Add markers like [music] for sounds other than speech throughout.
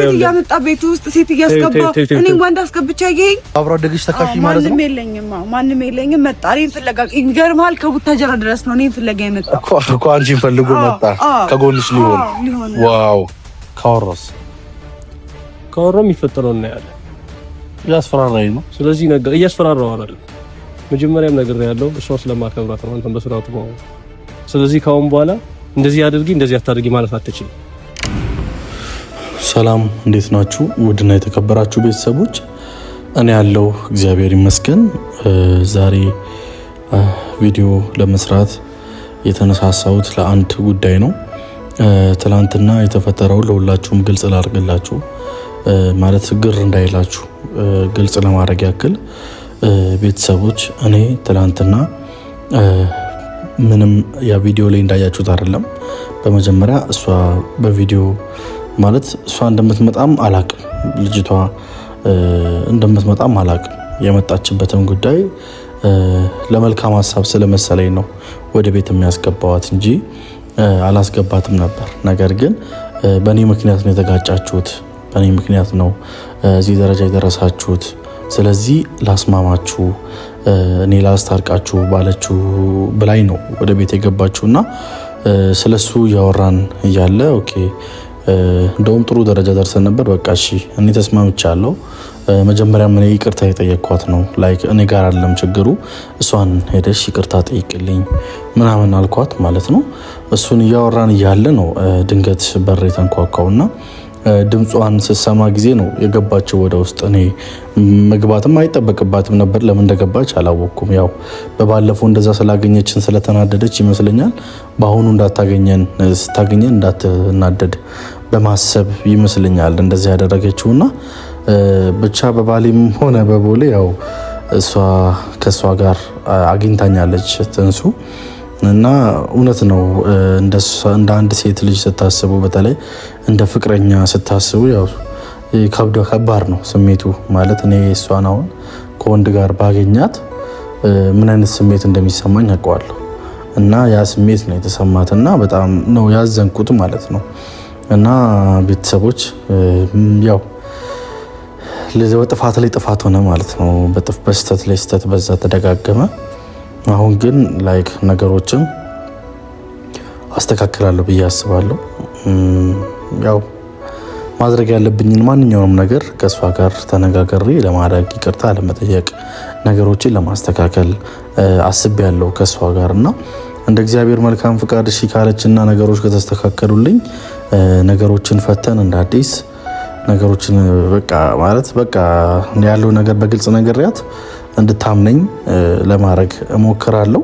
ሴት እያመጣ ቤት ውስጥ ሴት እያስገባ እኔ ወንድ አስገብቻ ይሄ አብሮ አደግሽ ተካሽ ማለት ነው። ማንም የለኝም፣ ማንም የለኝም። መጣ እኔን ፍለጋ። ይገርምሃል፣ ከቡታጀራ ድረስ ነው እኔን ፍለጋ የመጣ እኮ አንቺን ፈልጎ መጣ። ከጎንሽ ሊሆን ዋው። ካወራስ ካወራ የሚፈጠረው እናያለን። እያስፈራራኝ ነው። ስለዚህ ነገር እያስፈራራው አይደል? መጀመሪያም ነገር ያለው እሷ ስለማከብራት ነው። አንተም በስርዓቱ ስለዚህ ካሁን በኋላ እንደዚህ አድርጊ እንደዚህ አታድርጊ ማለት አትችልም። ሰላም እንዴት ናችሁ? ውድና የተከበራችሁ ቤተሰቦች እኔ ያለው እግዚአብሔር ይመስገን። ዛሬ ቪዲዮ ለመስራት የተነሳሳሁት ለአንድ ጉዳይ ነው። ትላንትና የተፈጠረው ለሁላችሁም ግልጽ ላድርግላችሁ፣ ማለት ግር እንዳይላችሁ ግልጽ ለማድረግ ያክል ቤተሰቦች፣ እኔ ትላንትና ምንም ያ ቪዲዮ ላይ እንዳያችሁት አይደለም። በመጀመሪያ እሷ በቪዲዮ ማለት እሷ እንደምትመጣም አላቅም፣ ልጅቷ እንደምትመጣም አላቅም። የመጣችበትም ጉዳይ ለመልካም ሀሳብ ስለመሰለኝ ነው ወደ ቤት የሚያስገባዋት እንጂ አላስገባትም ነበር። ነገር ግን በእኔ ምክንያት ነው የተጋጫችሁት፣ በእኔ ምክንያት ነው እዚህ ደረጃ የደረሳችሁት። ስለዚህ ላስማማችሁ፣ እኔ ላስታርቃችሁ ባለችሁ ብላኝ ነው ወደ ቤት የገባችሁና ስለሱ እያወራን እያለ ኦኬ እንደውም ጥሩ ደረጃ ደርሰን ነበር። በቃ እሺ እኔ ተስማምቻለሁ። መጀመሪያም ምን ይቅርታ የጠየቅኳት ነው ላይክ እኔ ጋር አለም ችግሩ እሷን ሄደሽ ይቅርታ ጠይቅልኝ ምናምን አልኳት ማለት ነው። እሱን እያወራን እያለ ነው ድንገት በር የተንኳኳውና ድምጿን ስሰማ ጊዜ ነው የገባቸው ወደ ውስጥ። እኔ መግባትም አይጠበቅባትም ነበር። ለምን እንደገባች አላወቅኩም። ያው በባለፈው እንደዛ ስላገኘችን ስለተናደደች ይመስለኛል። በአሁኑ እንዳታገኘን ስታገኘን እንዳትናደድ በማሰብ ይመስለኛል እንደዚህ ያደረገችውና ብቻ በባሌም ሆነ በቦሌ ያው እሷ ከእሷ ጋር አግኝታኛለች ትንሱ እና እውነት ነው እንደ አንድ ሴት ልጅ ስታስቡ፣ በተለይ እንደ ፍቅረኛ ስታስቡ ያው ከባድ ነው ስሜቱ ማለት እኔ እሷን አሁን ከወንድ ጋር ባገኛት ምን አይነት ስሜት እንደሚሰማኝ አውቀዋለሁ። እና ያ ስሜት ነው የተሰማት እና በጣም ነው ያዘንኩት ማለት ነው። እና ቤተሰቦች ያው ጥፋት ላይ ጥፋት ሆነ ማለት ነው። በስተት ላይ ስተት በዛ ተደጋገመ። አሁን ግን ላይክ ነገሮችን አስተካክላለሁ ብዬ አስባለሁ። ያው ማድረግ ያለብኝን ማንኛውንም ነገር ከእሷ ጋር ተነጋገሬ ለማድረግ ይቅርታ ለመጠየቅ ነገሮችን ለማስተካከል ያለው ከእሷ ጋር እና እንደ እግዚአብሔር መልካም ፍቃድ እሺ ካለችና ነገሮች ከተስተካከሉልኝ ነገሮችን ፈተን እንደ አዲስ ነገሮችን በቃ ማለት በቃ ያለው ነገር በግልጽ ነገርያት እንድታምነኝ ለማድረግ እሞክራለሁ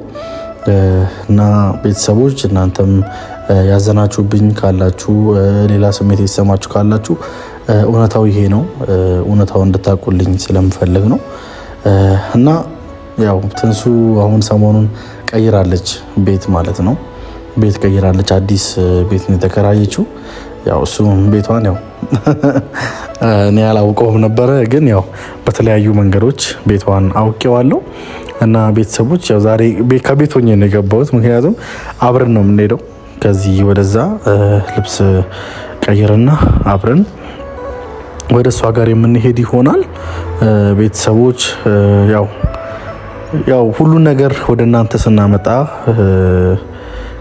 እና ቤተሰቦች እናንተም ያዘናችሁብኝ ካላችሁ ሌላ ስሜት የተሰማችሁ ካላችሁ እውነታው ይሄ ነው። እውነታው እንድታቁልኝ ስለምፈልግ ነው እና ያው ትንሱ አሁን ሰሞኑን ቀይራለች ቤት ማለት ነው። ቤት ቀይራለች። አዲስ ቤት ነው የተከራየችው። ያው እሱም ቤቷን ያው [laughs] እኔ ያላውቀውም ነበረ፣ ግን ያው በተለያዩ መንገዶች ቤቷን አውቄዋለሁ። እና ቤተሰቦች ያው ዛሬ ከቤት ሆኜ ነው የገባሁት፣ ምክንያቱም አብረን ነው የምንሄደው ከዚህ ወደዛ ልብስ ቀይርና አብረን ወደ እሷ ጋር የምንሄድ ይሆናል። ቤተሰቦች ያው ያው ሁሉን ነገር ወደ እናንተ ስናመጣ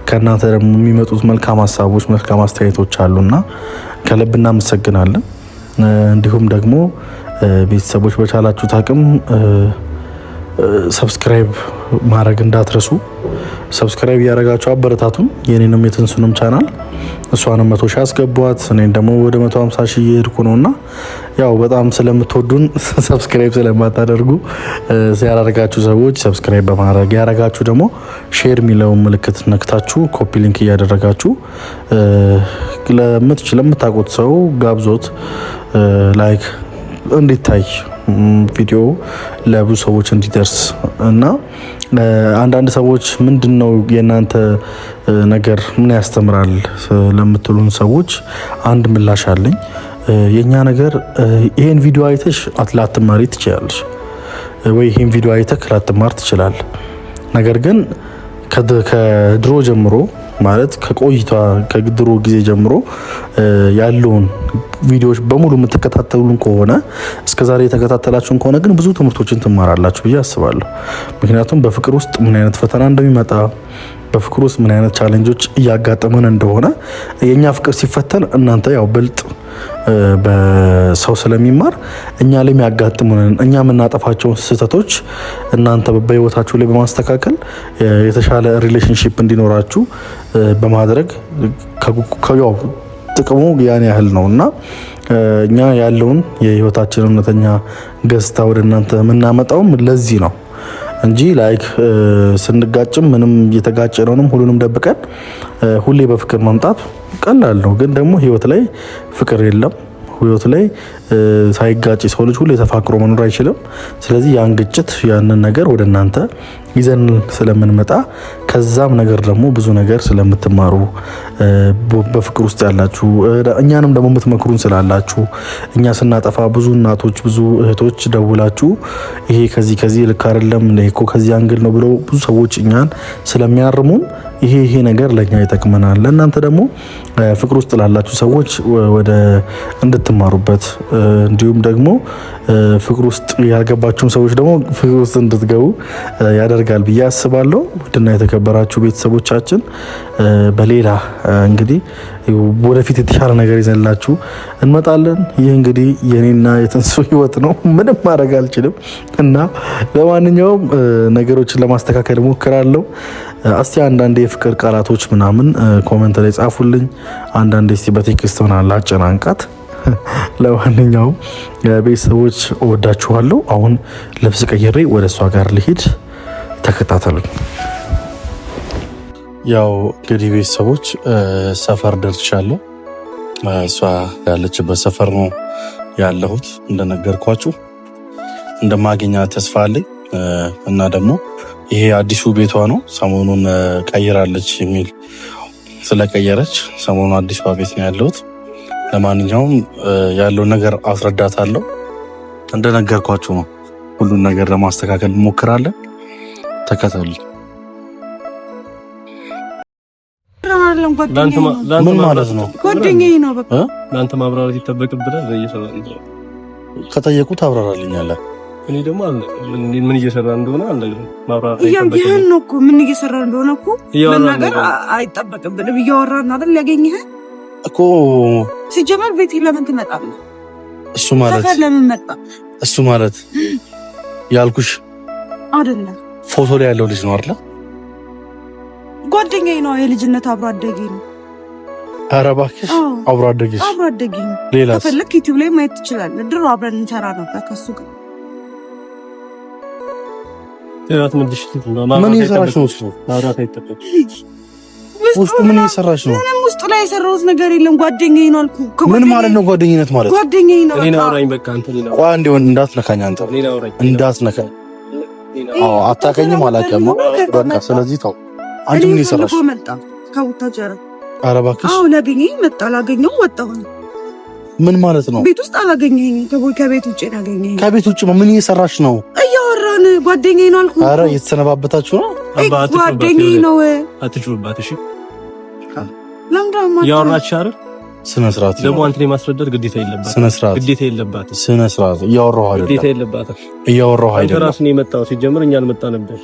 ከእናንተ ደግሞ የሚመጡት መልካም ሀሳቦች መልካም አስተያየቶች አሉና ከልብ እናመሰግናለን። እንዲሁም ደግሞ ቤተሰቦች በቻላችሁት አቅም ሰብስክራይብ ማድረግ እንዳትረሱ። ሰብስክራይብ እያደረጋችሁ አበረታቱን። የኔንም የትንሱንም ቻናል እሷንም መቶ ሺ አስገቧት። እኔን ደግሞ ወደ መቶ ሀምሳ ሺ እየሄድኩ ነው እና ያው በጣም ስለምትወዱን [laughs] ሰብስክራይብ ስለማታደርጉ ያላደረጋችሁ ሰዎች ሰብስክራይብ በማድረግ ያደረጋችሁ ደግሞ ሼር የሚለውን ምልክት ነክታችሁ ኮፒ ሊንክ እያደረጋችሁ ለምታውቁት ሰው ጋብዞት ላይክ እንዲታይ ቪዲዮ ለብዙ ሰዎች እንዲደርስ እና አንዳንድ ሰዎች ምንድን ነው የእናንተ ነገር ምን ያስተምራል ለምትሉን ሰዎች አንድ ምላሽ አለኝ። የእኛ ነገር ይህን ቪዲዮ አይተሽ ላትማሪ ትችላለች፣ ወይ ይህን ቪዲዮ አይተክ ላትማር ትችላል። ነገር ግን ከድሮ ጀምሮ ማለት ከቆይቷ ከድሮ ጊዜ ጀምሮ ያለውን ቪዲዮዎች በሙሉ የምትከታተሉን ከሆነ እስከዛሬ የተከታተላችሁን ከሆነ ግን ብዙ ትምህርቶችን ትማራላችሁ ብዬ አስባለሁ። ምክንያቱም በፍቅር ውስጥ ምን አይነት ፈተና እንደሚመጣ በፍቅር ውስጥ ምን አይነት ቻሌንጆች እያጋጠመን እንደሆነ የእኛ ፍቅር ሲፈተን እናንተ ያው ብልጥ በሰው ስለሚማር እኛ ላይ የሚያጋጥሙንን እኛ የምናጠፋቸውን ስህተቶች እናንተ በህይወታችሁ ላይ በማስተካከል የተሻለ ሪሌሽንሽፕ እንዲኖራችሁ በማድረግ ጥቅሙ ያን ያህል ነው እና እኛ ያለውን የህይወታችን እውነተኛ ገጽታ ወደ እናንተ የምናመጣውም ለዚህ ነው። እንጂ ላይክ ስንጋጭም ምንም የተጋጨ ነውንም ሁሉንም ደብቀን ሁሌ በፍቅር መምጣት ቀላል ነው። ግን ደግሞ ህይወት ላይ ፍቅር የለም። ህይወት ላይ ሳይጋጭ ሰው ልጅ ሁሌ ተፋቅሮ መኖር አይችልም። ስለዚህ ያን ግጭት ያንን ነገር ወደ እናንተ ይዘን ስለምንመጣ ከዛም ነገር ደግሞ ብዙ ነገር ስለምትማሩ በፍቅር ውስጥ ያላችሁ እኛንም ደግሞ የምትመክሩን ስላላችሁ እኛ ስናጠፋ ብዙ እናቶች ብዙ እህቶች ደውላችሁ ይሄ ከዚህ ከዚህ ልክ አይደለም እኮ ከዚህ አንግል ነው ብለው ብዙ ሰዎች እኛን ስለሚያርሙን ይሄ ይሄ ነገር ለኛ ይጠቅመናል። ለእናንተ ደግሞ ፍቅር ውስጥ ላላችሁ ሰዎች ወደ እንድትማሩበት እንዲሁም ደግሞ ፍቅር ውስጥ ያልገባችሁም ሰዎች ደግሞ ፍቅር ውስጥ እንድትገቡ ያደርጋል ብዬ አስባለሁ። ውድና የተከበራችሁ ቤተሰቦቻችን በሌላ እንግዲህ ወደፊት የተሻለ ነገር ይዘንላችሁ እንመጣለን። ይህ እንግዲህ የኔና የትንሱ ህይወት ነው፣ ምንም ማድረግ አልችልም እና ለማንኛውም ነገሮችን ለማስተካከል እሞክራለሁ። እስቲ አንዳንድ የፍቅር ቃላቶች ምናምን ኮመንት ላይ ጻፉልኝ። አንዳንድ ስ በቴክስት ምናምን ላጨናንቃት። [laughs] ለማንኛውም ቤተሰቦች እወዳችኋለሁ። አሁን ልብስ ቀይሬ ወደ እሷ ጋር ልሂድ። ተከታተሉኝ። ያው እንግዲህ ቤተሰቦች ሰፈር ደርሻለሁ። እሷ ያለችበት ሰፈር ነው ያለሁት። እንደነገርኳችሁ እንደማገኛ ተስፋ አለኝ እና ደግሞ ይሄ አዲሱ ቤቷ ነው። ሰሞኑን ቀይራለች የሚል ስለቀየረች ሰሞኑ አዲሷ ቤት ነው ያለሁት። ለማንኛውም ያለው ነገር አስረዳታለሁ። እንደነገርኳችሁ ነው። ሁሉን ነገር ለማስተካከል እንሞክራለን። ተከተሉ። ምን ማለት ነው? ጓደኛዬ ነው። በቃ ለአንተ ማብራራት ይጠበቅብናል። ከጠየቁ ታብራራልኛለህ። እኔ ደግሞ ምን እየሰራ እንደሆነ ማብራራት ነው እኮ ምን እየሰራ እንደሆነ እኮ መናገር አይጠበቅብንም። እያወራን አይደል? ሊያገኝህ እኮ ሲጀመር ቤት ለምን ትመጣለህ? እሱ ማለት ለምን መጣ? እሱ ማለት ያልኩሽ አይደለም ፎቶ ላይ ያለው ልጅ ነው አይደል? ጓደኛዬ ነው። የልጅነት አብሮ አደጌ ነው። ኧረ እባክሽ አብሮ አደጌ አብሮ አደጌ ነው። ሌላ ከፈለክ ዩቲዩብ ላይ ማየት ትችላለህ። ድሮ አብረን እንሰራ ነበር ከሱ ጋር ምን እየሰራሽ ነው? እሱ ውስጡ ምን እየሰራሽ ነው? ምንም ውስጡ ላይ የሰራሁት ነገር የለም። ጓደኛዬ ነው አልኩህ። ምን ማለት ነው ጓደኝነት ማለት? ጓደኛዬ ነው። እኔ ናውራኝ በቃ አንተ ሌላ ቆይ፣ እንደው እንዳትነካኝ አንተ እንዳትነካኝ። አዎ አታውቀኝም፣ አላውቅም። በቃ ስለዚህ ተው አንቺ ምን ይሰራሽ? መጣ ከቡታጀራ ኧረ እባክሽ። አዎ ላገኘኝ መጣ። ላገኘው ወጣሁኝ። ምን ማለት ነው? ቤት ውስጥ አላገኘኝ። ከቤት ውጭ ላገኘኝ። ከቤት ውጭ ምን እየሰራሽ ነው? እያወራን ጓደኛዬ ነው አልኩ። ኧረ እየተሰነባበታችሁ ነው? ጓደኛዬ ነው። አትጩህባት እሺ። እያወራች አይደል? ስነ ስርዓት ደግሞ አንተ ላይ ማስረዳት ግዴታ የለባትም። ስነ ስርዓት ግዴታ የለባትም። ስነ ስርዓት እያወራሁ አይደለም፣ ግዴታ የለባትም። እያወራሁ አይደለም። እራሱ ነው የመጣው ሲጀምር እኛ አልመጣ ነበር።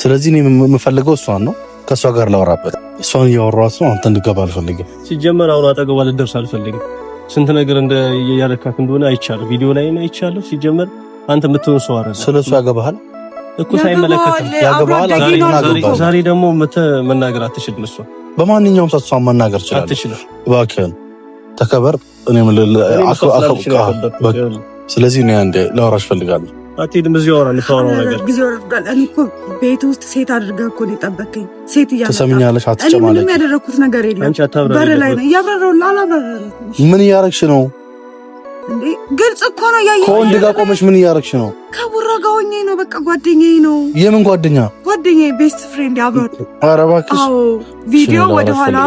ስለዚህ እኔ የምፈልገው እሷን ነው ከእሷ ጋር ላውራበት። እሷን እያወሯት ነው። አንተ እንድገባ አልፈልግም። ሲጀመር አሁን አጠገቧ ልደርስ አልፈልግም። ስንት ነገር እንደ ያለካት እንደሆነ አይቻለሁ፣ ቪዲዮ ላይ አይቻለሁ። ሲጀመር አንተ የምትሆን ሰው አይደለም። ስለ እሱ ያገባሃል እኮ ሳይመለከት ያገባሃል። ዛሬ ደግሞ መናገር አትችልም። እሷ በማንኛውም ሰዓት እሷን መናገር ትችላለህ። እባክህን ተከበር። እኔም ስለዚህ እኔ አንዴ ላወራሽ እፈልጋለሁ አትሄድም። እዚህ ወራ የምታወራው ነገር ጊዜ ወርዷል። እኔ እኮ ቤት ውስጥ ሴት አድርገህ እኮ ነው የጠበቀኝ። ሴት እያለ ትሰምኛለሽ። አትጨማለሽ። ምንም ያደረኩት ነገር የለም። በር ላይ ነው እያብራራሁ። ምን እያደረግሽ ነው? ግልጽ እኮ ነው ያየኸው። ከወንድ ጋር ቆመሽ ምን እያደረግሽ ነው? ከቡራ ጋር ሆኜ ነው። በቃ ጓደኛዬ ነው። የምን ጓደኛ? ጓደኛዬ ቤስት ፍሬንድ አብሮት። ኧረ እባክሽ ቪዲዮ ወደ ኋላ አንቺ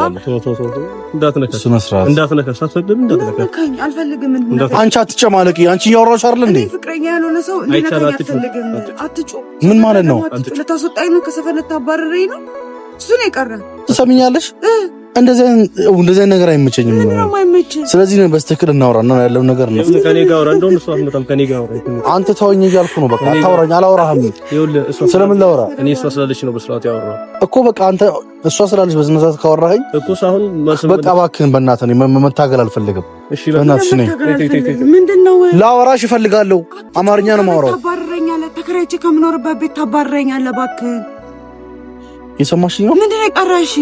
አትጨማለቂ። አንቺ እያወራሽ አይደል እንዴ? ፍቅረኛ ያልሆነ ሰው አትፈልግም። አትጩ። ምን ማለት ነው? ልታስወጣኝ ነው? ከሰፈር ልታባርረኝ ነው? እሱ ነው የቀረ። ትሰሚኛለሽ እንደዚህ ነገር አይመቸኝም። ስለዚህ ነው በስተክል እናውራና ያለው ነገር ነው። አንተ ተወኝ እያልኩ ነው። በቃ አታውራኝ፣ አላውራህም። ስለምን ላውራ? እኔ እሷ ስላለች ነው በስርዓት ያወራሁ እኮ። በቃ አንተ እሷ ስላለች በስነ ስርዓት ካወራኸኝ እኮ ሳሁን በቃ እባክህን፣ በእናትህ ነው መታገል አልፈልግም። እሺ በእናትህ ነኝ። ምንድነው ላወራሽ እፈልጋለሁ። አማርኛ ነው የማወራው። ታባርረኛለህ። ተከራይቼ ከምኖርበት ቤት ታባርረኛለህ። እባክህን፣ የሰማሽኝ ነው። ምንድነው የቀረሽ?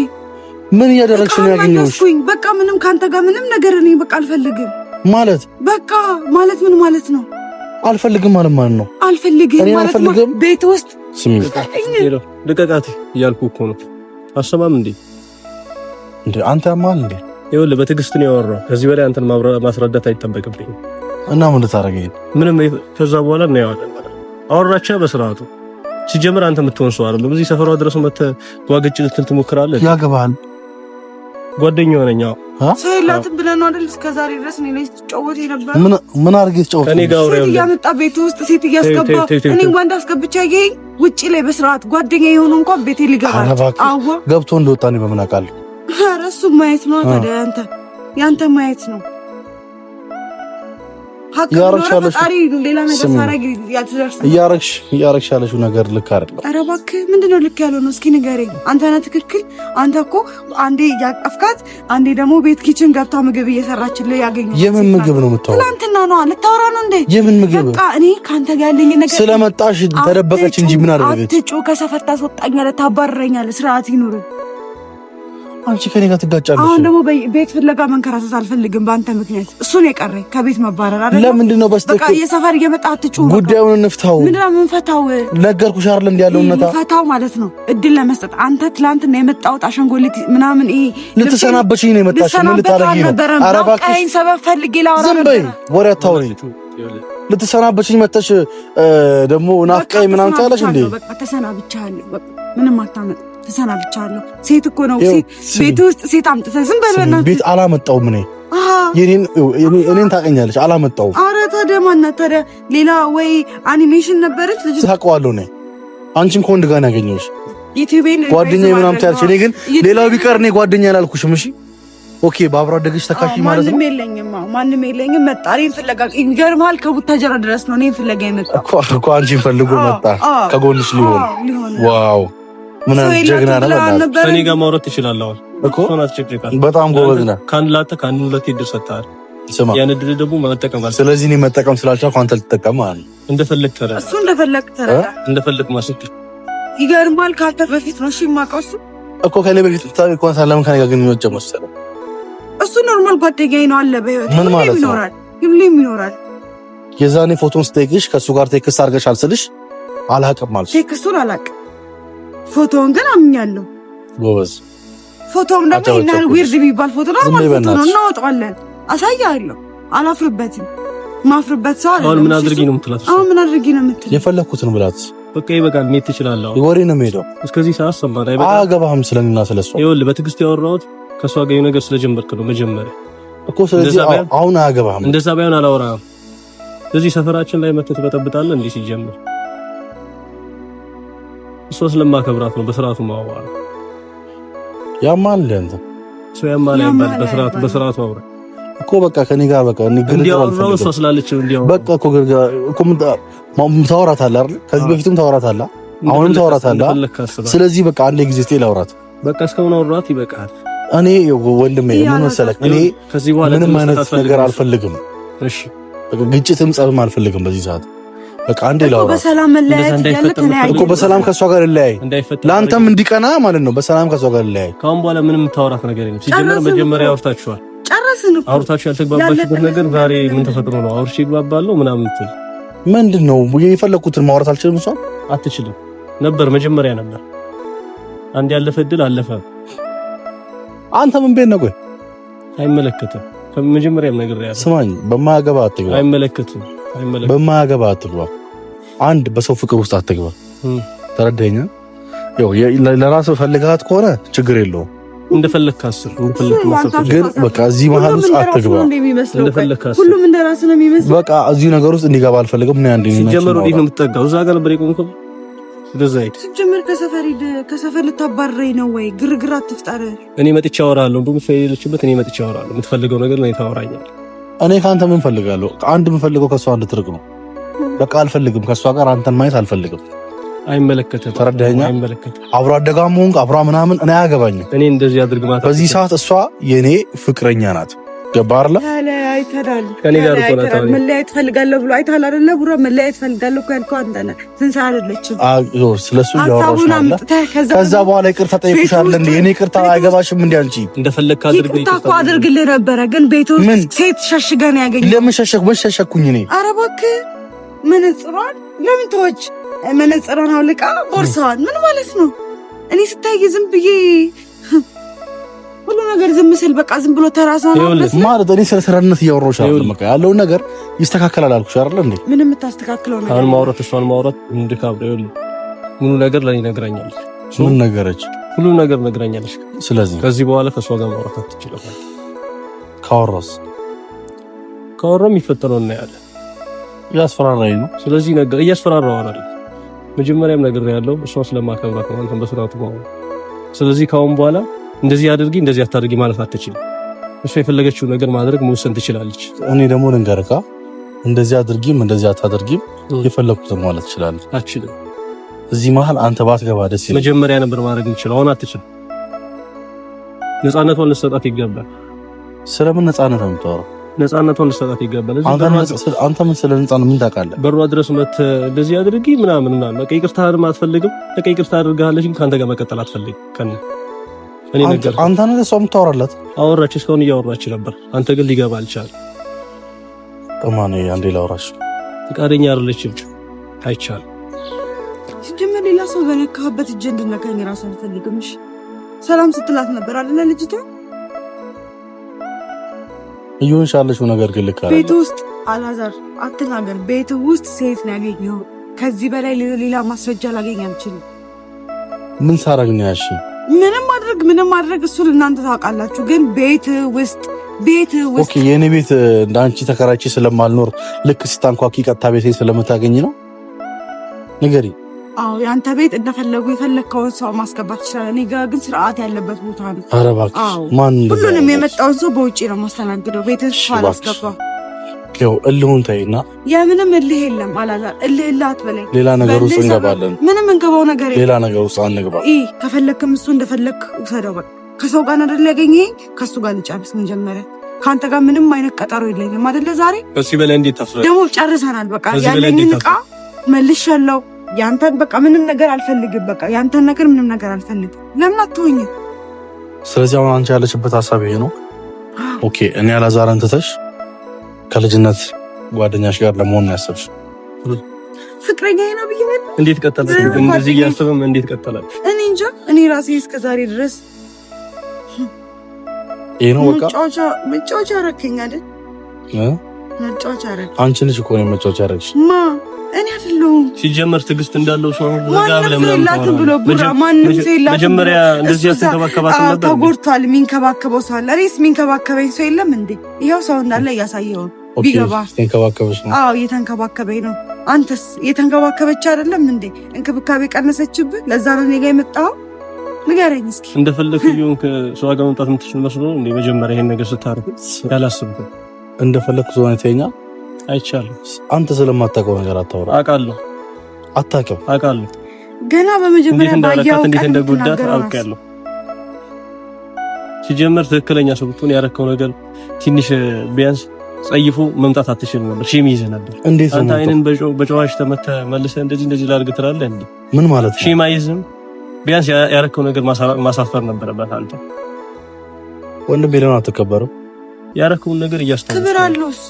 ምን እያደረግሽ ነው ያገኘሁሽ? በቃ ምንም ካንተ ጋር ምንም ነገር እኔ በቃ አልፈልግም ማለት በቃ ማለት ምን ማለት ነው? አልፈልግም ማለት ማለት ነው አልፈልግም ማለት ቤት ውስጥ ስሚ፣ ልቀቃት እያልኩ እኮ ነው። አሰማም እንዴ እንዴ አንተ ያማል እንዴ? ይኸውልህ በትዕግስት ነው ያወራው። ከዚህ በላይ አንተን ማስረዳት አይጠበቅብኝም። እና ምን ልታረገኝ? ምንም ከዛ በኋላ ነው ያወራው። አወራቻ በስርዓቱ ሲጀምር አንተ የምትሆን ሰው አይደለም። እዚህ ሰፈሯ ድረስ መተህ ጓገጭ ልትል ትሞክራለህ። ያገባሃል ጓደኛ ሆነኛ ሰላትን ብለን ነው አይደል? እስከ ዛሬ ድረስ እኔ ላይ ስትጫወት የነበረ ምን ምን አድርጌ ስትጫወት እኔ ጋር ሴት እያመጣ ቤት ውስጥ ሴት እያስገባ እኔ ወንድ አስገብቻ ይሄ ውጪ ላይ በስርዓት ጓደኛ የሆኑ እንኳን ቤቴ ሊገባ አዋ ገብቶ እንደወጣ እኔ በምን አውቃለሁ? ኧረ እሱ ማየት ነው ታዲያ ያንተ ያንተ ማየት ነው እያረግሽ ያለሽው ነገር ልክ አይደለም። ኧረ እባክህ ምንድን ነው ልክ ያልሆነው? እስኪ ንገረኝ። አንተ ነህ ትክክል። አንተ እኮ አንዴ እያቀፍካት፣ አንዴ ደግሞ ቤት ኪችን ገብታ ምግብ እየሰራችልህ ያገኘሁት የምን ምግብ ነው የምታወራው? ትናንትና ነዋ። ልታወራ ነው እንዴ? የምን ምግብ? በቃ እኔ ከአንተ ጋር ያለኝ ነገር ስለመጣሽ ተደበቀች እንጂ ምን አደረገች? አትጩ። ከሰፈር ታስወጣኛለህ፣ ታባርረኛለህ። ስርዓት ይኑርህ። አንቺ ከኔ ጋር ትጋጫለሽ። አሁን ደግሞ ቤት ፍለጋ መንከራተት አልፈልግም በአንተ ምክንያት። እሱን የቀረኝ ከቤት መባረር አይደል? ለምንድን ነው በስተቀር በቃ የሰፈር እየመጣ አትጩ። ጉዳዩን እንፍታው። ምንድን ነው የምንፈታው? ነገርኩሽ አይደል? እንደ ያለው እውነታ ፈታው ማለት ነው እድል ለመስጠት። አንተ ትላንትና የመጣሁት አሸንጎሊት ምናምን ይሄ ልትሰናበችኝ ነው የመጣሽ። ምን ልታረጊ ነው? ኧረ እባክሽ ቀይን ሰበብ ፈልጌ ላወራ ዝም በይ። ወሬ አታውሪኝ። ልትሰናበችኝ መተሽ ደግሞ ናፍቃኝ ምናምን ትያለሽ እንዴ? በቃ ተሰናብቻለሁ። በቃ ምንም አታመጣ ተሰናብቻለሁ። ሴት እኮ ነው ቤት ውስጥ ሴት አምጥተህ ዝም በለና ቤት አላመጣውም እኔ እኔን ታቀኛለች አላመጣውም። አረ ታዲያ ማናት ታዲያ? ሌላ ወይ አኒሜሽን ነበረች ልጅ ታውቀዋለሁ። እኔ አንቺን ከወንድ ጋር ያገኘሁሽ ዩቲዩብን ጓደኛ ምናምን ትያለሽ። እኔ ግን ሌላው ቢቀር እኔ ጓደኛ ያላልኩሽም። እሺ ኦኬ፣ በአብሮ አደገች ተካሽ ማለት ነው። ማንም የለኝም፣ ማንም የለኝም። መጣ እኔን ፍለጋ። ይገርምሃል፣ ከቡታጀራ ድረስ ነው እኔን ፍለጋ የመጣ እኮ። አንቺን ፈልጎ መጣ ከጎንሽ ሊሆን ዋው ምናምን ማውራት ትችላለህ በጣም ጎበዝ ነህ። ከአንድ ከአንድ ሁለት ያን ደግሞ መጠቀም አለ። ስለዚህ እኔ መጠቀም ስላልቻልኩ አንተ ልትጠቀም እንደፈለግ ተረ እሱ እንደፈለግ ተረ እንደፈለግ ማስክ ይገርማል። በፊት ነው እሺ የማውቀው እሱ እኮ በፊት ጋር ግንኙነት እሱ ኖርማል ጓደኛዬ ነው አለ። በህይወት ምን ማለት ነው ሁሌም ይኖራል። የዛኔ ፎቶን ስጠይቅሽ ከእሱ ጋር ቴክስት አድርገሻል ስልሽ አላቅም ቴክስቱን አላቅም ፎቶውን ግን አምኛለሁ። ጎበዝ ፎቶም ደግሞ ይናል ዊርድ የሚባል ፎቶ ኖርማል ፎቶ ነው። እናወጣዋለን፣ አሳያለሁ። አላፍርበትም። ማፍርበት ሰው አሁን ምን አድርጊ ነው የምትላት? አሁን ምን አድርጊ ነው የምትላት? የፈለኩትን ብላት በቃ ይበቃል። ሜት ትችላለህ። ወሬ ነው የምሄደው። እስከዚህ ሰዓት ሰማን አይበቃ አገባህም። ስለና ስለሷ ይኸውልህ፣ በትዕግስት ያወራሁት ከሷ ጋር ነገር ስለጀመርክ ነው መጀመሪያ እኮ። ስለዚህ አሁን አያገባህም። እንደዛ ባይሆን አላወራህም። ስለዚህ ሰፈራችን ላይ መተት በጠብጣለህ እንዴ ሲጀምር እሷ ስለማከብራት ነው። በስርዓቱ ማውራት ያማል ለእንተ እሷ ያማል ያማል በስርዓቱ በስርዓቱ አውራ እኮ በቃ ከኔ ጋር በቃ እሷ ስላለች በቃ እኮ ግርጋ እኮ ታወራታለህ አይደል? ከዚህ በፊትም ታወራታለህ፣ አሁንም ታወራታለህ። ስለዚህ በቃ አንዴ ጊዜ ስቴ ላውራት በቃ እስካሁን አውራት ይበቃል። እኔ ወንድሜ ምን መሰለህ፣ እኔ ከዚህ በኋላ ምንም አይነት ነገር አልፈልግም። እሺ ግጭትም ጸብም አልፈልግም በዚህ ሰዓት በቃ አንዴ ላውራ በሰላም መለያየት ያለ እኮ በሰላም ከሷ ጋር ለያይ ለአንተም እንዲቀና ማለት ነው። በሰላም ከሷ ጋር ለያይ። ካሁን በኋላ ምንም ታወራት ነገር የለም። ሲጀመር መጀመሪያ አውርታችኋል፣ ጨረስን። አውርታችሁ ያልተግባባችሁበት ነገር ዛሬ ምን ተፈጥሮ ነው? አውርሽ ይግባባለሁ ምናምን ምትል ምንድን ነው? የፈለግኩትን ማውራት አልችልም። እሷ አትችልም ነበር መጀመሪያ ነበር። አንድ ያለፈ እድል አለፈ። አንተ ምን ቤት ነው? ቆይ አይመለከትም። ከመጀመሪያም ነገር ያለ ስማኝ፣ በማያገባ አትገባ። አይመለከትም በማያገባ አትግባ። አንድ በሰው ፍቅር ውስጥ አትግባ። ተረዳኛ? ለራስ ፈልጋት ከሆነ ችግር የለውም እንደፈለግህ በቃ እዚህ መሀል ውስጥ አትግባ። ሁሉም እንደራሱ ነው የሚመስለው። በቃ ነገር ውስጥ እንዲገባ አልፈልግም። ምን አንዴ ነው ጀመሩ ነው የምትጠጋው። እዛ ጋር ነበር የቆምከው። ከሰፈር ልታባረኝ ነው ወይ? ግርግር አትፍጠር። እኔ መጥቼ አወራለሁ። እኔ መጥቼ አወራለሁ። የምትፈልገው ነገር ላይ እኔ ከአንተ ምን ፈልጋለሁ? አንድ የምፈልገው ከእሷ እንድትርቅ ነው። በቃ አልፈልግም፣ ከእሷ ጋር አንተን ማየት አልፈልግም። አይመለከትም። ተረዳኸኝ? አብሮ አደጋም ሆንክ አብሮ ምናምን እኔ አያገባኝም። እኔ እንደዚህ አድርግ ማለት በዚህ ሰዓት እሷ የእኔ ፍቅረኛ ናት። ገባርላ ከዛ በኋላ ይቅርታ ጠይቁሻል እኔ ይቅርታ አይገባሽም እንዲ አንቺ እንደፈለግ ይቅርታ እኮ አድርግልህ ነበረ፣ ግን ቤት ሴት ሸሽገን ያገኘ ለምን ሸሸኩ? ምን ሸሸኩኝ እኔ? ኧረ እባክህ መነጽሯን ለምን ተወች? መነጽሯን አውልቃ ቦርሳዋን ምን ማለት ነው? እኔ ስታይ ዝም ብዬ ሁሉ ነገር ዝም ስል በቃ ዝም ብሎ ተራሳ ማለት እኔ ስለ ስራነት እያወራሁሽ አይደለም። በቃ ያለውን ነገር ይስተካከላል አልኩሽ አይደል? እንዴ? ምንም የምታስተካክለው ነገር አሁን ማውራት እሷን ማውራት እንድካብ ሙሉ ነገር ለኔ ነግራኛለች። ምን ነገረች? ሁሉ ነገር ነግራኛለች። ስለዚህ ከዚህ በኋላ ከእሷ ጋር ማውራት አትችልም። ካወራስ ካወራ የሚፈጠረው እናያለን። እያስፈራራኝ ነው። ስለዚህ ነገር እያስፈራራው አይደል? መጀመሪያም ነገር ያለው እሷ ስለማከብራት ነው። አንተም በስርዓቱ ስለዚህ ካሁን በኋላ እንደዚህ አድርጊ እንደዚህ አታድርጊ ማለት አትችልም። እሷ የፈለገችው ነገር ማድረግ መውሰን ትችላለች። እኔ ደግሞ ልንገርካ፣ እንደዚህ አድርጊም እንደዚህ አታድርጊም የፈለግኩት ማለት ትችላለች። አችልም እዚህ መሀል አንተ ባትገባ ደስ ይላል። መጀመሪያ ነበር ማድረግ እንችል። አሁን አትችል። ነፃነቷን ልሰጣት ይገባል። ስለምን ነፃነት ነው የምታወራው? ነፃነቷን ልሰጣት ይገባል። አንተ ምን ስለ ነፃነት ምን ታውቃለህ? በሯ ድረስ መት እንደዚህ አድርጊ ምናምን ምናምን፣ በቃ ይቅርታ አትፈልግም። በቃ ይቅርታ አድርጋለች፣ ግን ከአንተ ጋር መቀጠል አትፈልግም ከነ አንተ ነገ ሰው የምታወራላት አወራች፣ እስካሁን እያወራች ነበር። አንተ ግን ሊገባ አልቻል። ጥማኔ አንዴ ላውራሽ ፍቃደኛ አይደለችም። አይቻል ሲጀመር ሌላ ሰው በነካህበት እጄ እንድነካኝ ራሱ አልፈልግም። ሰላም ስትላት ነበር አለና ልጅቷ እየሆንሽ ያለሽው ነገር ግን ልክ ቤት ውስጥ አላዛር አትናገር። ቤት ውስጥ ሴት ነው ያገኘው። ከዚህ በላይ ሌላ ማስረጃ ላገኝ አልችልም። ምን ሳረግ ነው ያልሽኝ? ምንም ማድረግ ምንም ማድረግ እሱን እናንተ ታውቃላችሁ። ግን ቤት ውስጥ ቤት ውስጥ ኦኬ፣ የኔ ቤት እንዳንቺ ተከራቺ ስለማልኖር ልክ ስታንኳኪ ቀጥታ ቤት ስለምታገኝ ነው። ንገሪ። አዎ፣ ያንተ ቤት እንደፈለጉ የፈለግከውን ሰው ማስገባት ይችላል። እኔ ጋር ግን ስርዓት ያለበት ቦታ ነው። ኧረ እባክሽ፣ ማን ሁሉንም የመጣውን ሰው በውጭ ነው ማስተናግደው። ቤት ውስጥ አላስገባም። ያው እልሁን ተይና፣ የምንም እልህ የለም አላዛር፣ እልህ እልህ አትበለኝ። ሌላ ነገር ውስጥ እንገባለን። ምንም እንገባው ነገር የለም። ሌላ ነገር ውስጥ አንግባ። ከፈለክም እሱ እንደፈለክ ውሰደው። በቃ ከሰው ጋር አይደል ያገኘኸኝ፣ ከእሱ ጋር ልጨርስ መጀመሪያ። ከአንተ ጋር ምንም አይነት ቀጠሮ የለኝም አይደለ? ዛሬ ከዚህ በላይ እንዴት ታስረህ ደግሞ ጨርሰናል። በቃ ያለኝን ዕቃ መልሻለሁ። ያንተን በቃ ምንም ነገር አልፈልግም። በቃ ያንተን ነገር ምንም ነገር አልፈልግም። ለምን አትሆኝ? ስለዚህ አሁን አንቺ ያለችበት ሀሳብ ይሄ ነው። ኦኬ እኔ አላዛርን ትተሽ ከልጅነት ጓደኛሽ ጋር ለመሆን ነው ያሰብሽ? ፍቅረኛ ነው ብዬ እንዴት ቀጠለ? እንደዚህ እያሰብም እንዴት ቀጠለ? እኔ እንጃ። እኔ ራሴ እስከ ዛሬ ድረስ ይሄ ነው በቃ መጫወቻ አረከኝ አይደል? መጫወቻ አረከኝ። አንቺ ልጅ እኮ ነው መጫወቻ አረክሽ። ማ እኔ አይደለሁም። ሲጀመር ትዕግስት እንዳለው ሰው ጋር ለምን ብሎ ቡራ ማንም ሰው የላትም። መጀመሪያ እንደዚህ ያስተንከባከባት ነበር። ተጎድቷል። የሚንከባከበው ሰው አለ። እኔስ የሚንከባከበኝ ሰው የለም እንዴ? ይኸው ሰው እንዳለ እያሳየው ቢገባ ነው? አዎ እየተንከባከበኝ ነው። አንተስ እየተንከባከበች አይደለም እንዴ? እንክብካቤ ቀነሰችብህ? ለዛ ነው እኔ ጋ የመጣኸው? ንገረኝ እስኪ። እንደፈለክ ይሁን ከሷ ጋር መምጣት የምትችል መስሎ እንዴ? መጀመሪያ ይሄን ነገር ስታርግ ያላስብህ እንደፈለክ ዞን አይቻልም። አንተ ስለማታውቀው ነገር አታወራ። አውቃለሁ፣ አውቃለሁ። ገና በመጀመሪያ እንዴት እንደጎዳት አውቃለሁ። ሲጀመር ትክክለኛ ሰው ብትሆን ያረከው ነገር ትንሽ ቢያንስ ጸይፉ መምጣት አትችል ነበር። ሼም ይዘ ነበር። እንዴት አንተ አይንን በጨዋሽ ተመተ መልሰ እንደዚህ እንደዚህ ላድርግ ትላለህ እንዴ? ምን ማለት ነው? ሼም አይዝም። ቢያንስ ያረከው ነገር ማሳፈር ነበረበት። አንተ ወንድሜ ለምን አትከበርም? ያረከውን ነገር እያስተዋልክ ክብር አለው እሱ።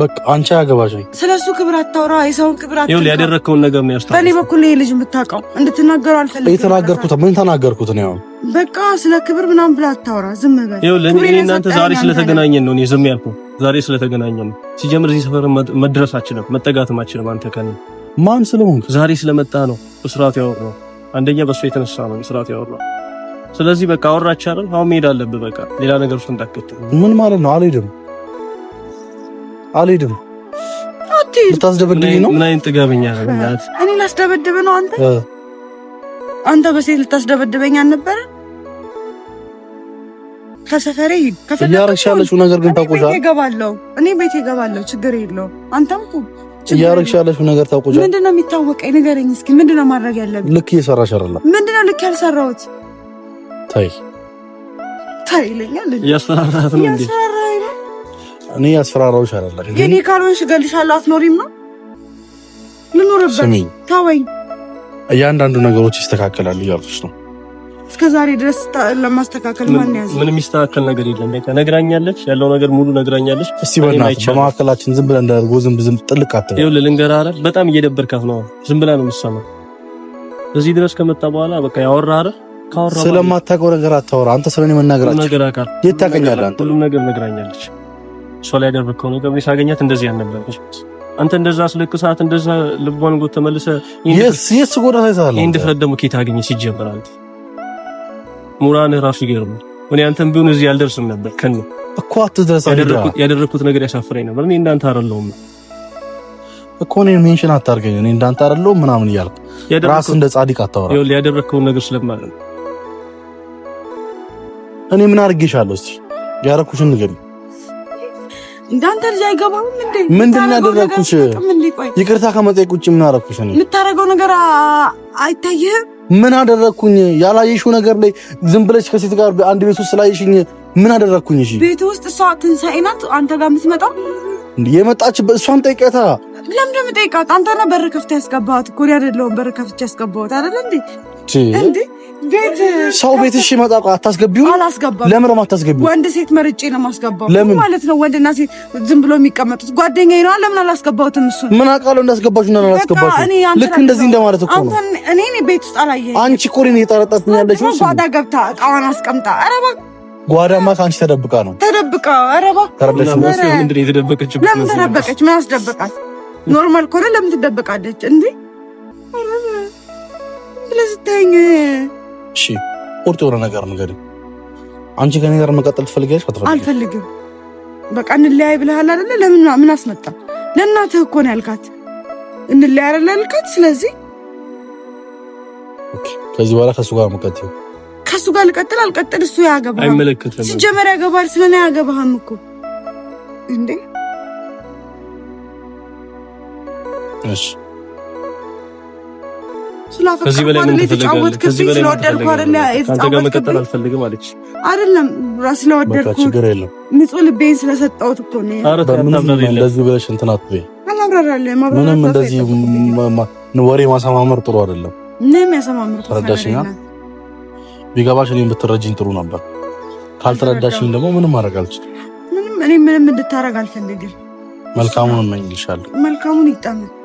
በቃ አንቺ ያገባሽ ነው። ስለሱ ክብር አታውራ፣ የሰውን ክብር አታውራ። ይኸውልህ ያደረግከውን ነገር ነው ያስተዋልክ። በእኔ በኩል ይሄ ልጅ የምታውቀው። እንድትናገረው አልፈልግም። የተናገርኩት ምን ተናገርኩት ነው? ያው በቃ ስለ ክብር ምናምን ብላ አታውራ፣ ዝም በል። ይኸውልህ እኔ እናንተ ዛሬ ስለተገናኘን ነው እኔ ዝም ያልኩህ ዛሬ ስለተገናኘን ሲጀምር እዚህ ሰፈር መድረሳችንም መጠጋትማችንም አንተ ከን ማን ስለሆንክ ዛሬ ስለመጣ ነው እስራት ያወራው። አንደኛ በእሱ የተነሳ ነው እስራት ያወራው። ስለዚህ በቃ አወራች አይደል? አሁን መሄድ አለብህ። በቃ ሌላ ነገር ውስጥ እንዳትከተል። ምን ማለት ነው? አልሄድም፣ አልሄድም። ልታስደበድብኝ ነው? ምን አይነት ጥጋበኛ ነው? እኔ ላስደበድብ ነው? አንተ አንተ በሴት ልታስደበድበኝ አልነበረ ከሰፈሬ ሂድ። እያደረግሽ ያለሽው ነገር ግን ታውቆሻል። እኔ ቤቴ እገባለሁ፣ ችግር የለውም። አንተም እያደረግሽ ያለሽው ነገር ታውቆሻል። ምንድን ነው የሚታወቀኝ? ንገረኝ እስኪ፣ ምንድን ነው ማድረግ ያለብኝ? ልክ እየሰራሽ አይደለም። ምንድን ነው ልክ ያልሰራሁት? ታይ ታይ ይለኛል። እያስፈራራት ነው እንዴ? እኔ ያስፈራራውሽ አይደለም። የኔ ካልሆንሽ እገልሻለሁ። አትኖሪም ነው ልኖርበት? ተወኝ። እያንዳንዱ ነገሮች ይስተካከላሉ እያልኩሽ ነው እስከ ዛሬ ድረስ ለማስተካከል ማን ያዘ? ምንም የሚስተካከል ነገር የለም። በቃ ነግራኛለች፣ ያለው ነገር ሙሉ ነግራኛለች። እስቲ በእናትህ በመካከላችን ዝም ብለህ እንዳደርጎ ዝም ዝም ጥልቅ አትበል። ይኸውልህ ልንገርህ አይደል፣ በጣም እየደበርካት ነው። ዝም ብላ ነው የምትሰማው። እዚህ ድረስ ከመጣ በኋላ በቃ ያወራህ አይደል ስለማታውቀው ነገር አታወራ። አንተ ስለኔ መናገራችሁ ነገር አካል የት ታገኛለህ? አንተ ሁሉም ነገር ነግራኛለች። እሷ ላይ ያደረግከው ነገር እኔ ሳገኛት እንደዚህ ያልነበረች አንተ እንደዛ አስለቅሳት እንደዛ ልቧን ጎት ተመልሰ ይህ ስጎዳ ሳይሳለ ይህ እንደፈረደሙ ኬት አገኘ ሲጀምራል ሙራንህ ራሱ ይገርም። እኔ አንተም ቢሆን እዚህ አልደርስም ነበር። ከነ እኮ አትድረስ ያደረግኩት ነገር ያሳፍረኝ ነበር። እኔ እንዳንተ አይደለሁም እኮ እኔን ሜንሽን አታርገኝ። እኔ እንዳንተ አይደለሁም ምናምን እያልኩ ራስ እንደ ጻድቅ አታወራ። ይኸውልህ ያደረግከውን ነገር ስለማለት እኔ ምን አድርጌሻለሁ? እስቲ ያደረኩሽን ንገሪኝ። እንዳንተ ልጅ አይገባም እንዴ? ምንድን ያደረግኩሽ? ይቅርታ ከመጠየቅ ውጭ ምን አደረግኩሽ? እኔ የምታደርገው ነገር አይታይህም? ምን አደረግኩኝ? ያላየሽው ነገር ላይ ዝም ብለሽ ከሴት ጋር አንድ ቤት ውስጥ ስላየሽኝ ምን አደረግኩኝ? እሺ ቤት ውስጥ እሷ ትንሣኤ ናት አንተ ጋር የምትመጣ የመጣች እሷን ጠይቀታ። ለምንድን ነው የምጠይቃት? አንተና በር ከፍተህ ያስገባኋት እኮ እኔ አይደለሁም በር ከፍቼ ያስገባኋት አይደለ እንዴ እንዴ ሰው ቤትሽ ይመጣ አታስገቢው። አላስገባም። ለምን ነው የማታስገቢው? ወንድ ሴት መርጬ ነው የማስገባው። ለምን ማለት ነው? ወንድና ሴት ዝም ብሎ የሚቀመጡት ጓደኛዬ ነው። ለምን አላስገባሁትም? እሱ ምን አውቃለሁ እንዳስገባችሁ እና አላስገባችሁ። ልክ እንደዚህ እንደማለት እኮ ነው። እኔ ቤት ውስጥ አላየኸኝም። አንቺ እኮ እኔን እየጠረጠርሽኝ ያለሽው ጓዳ ገብታ እቃዋን አስቀምጣ አረባ ጓዳማ ከአንቺ ተደብቃ ነው ተደብቃ። አረባ ምንድን የተደበቀችው? ለምን ተደበቀች? ምን አስደበቃት? ኖርማል ከሆነ ለምን ትደበቃለች እንዴ? ስለዚህ ስለስተኝ እሺ፣ ቁርጥ የሆነ ነገር ንገሪ። አንቺ ከኔ ጋር መቀጠል ትፈልጊያለሽ? አልፈልግም። በቃ እንለያይ ብለሃል አይደለ? ለምን ምን አስመጣ? ለእናትህ እኮ ነው ያልካት፣ እንለያይ አይደለ ያልካት። ስለዚህ ኦኬ፣ ከዚህ በኋላ ከሱ ጋር መቀጠል ከሱ ጋር ልቀጥል አልቀጥል፣ እሱ ያገባሃል። አይመለከተም። ሲጀመር ያገባሃል ስለሆነ ያገባህም እኮ እንዴ። እሺ ከዚህ በላይ ምን ትፈልጋለህ? ከዚህ በላይ ስለወደድኩ አይደለ አልፈልግም አለች። አይደለም ስለወደድኩ ንጹህ ልቤን ስለሰጠሁት እኮ ነው። እንደዚህ ብለሽ እንትን አትበይ። አላብራራልህም። ምንም እንደዚህ ወሬ ማሰማመር ጥሩ አይደለም። ምንም ተረዳሽኛ። ቢገባሽ እኔም ብትረጂኝ ጥሩ ነበር። ካልተረዳሽኝ ደግሞ ምንም ማድረግ አልችልም። ምንም እኔ ምንም እንድታረግ አልፈልግም። መልካሙን እመኝልሻለሁ። መልካሙን ይጣመን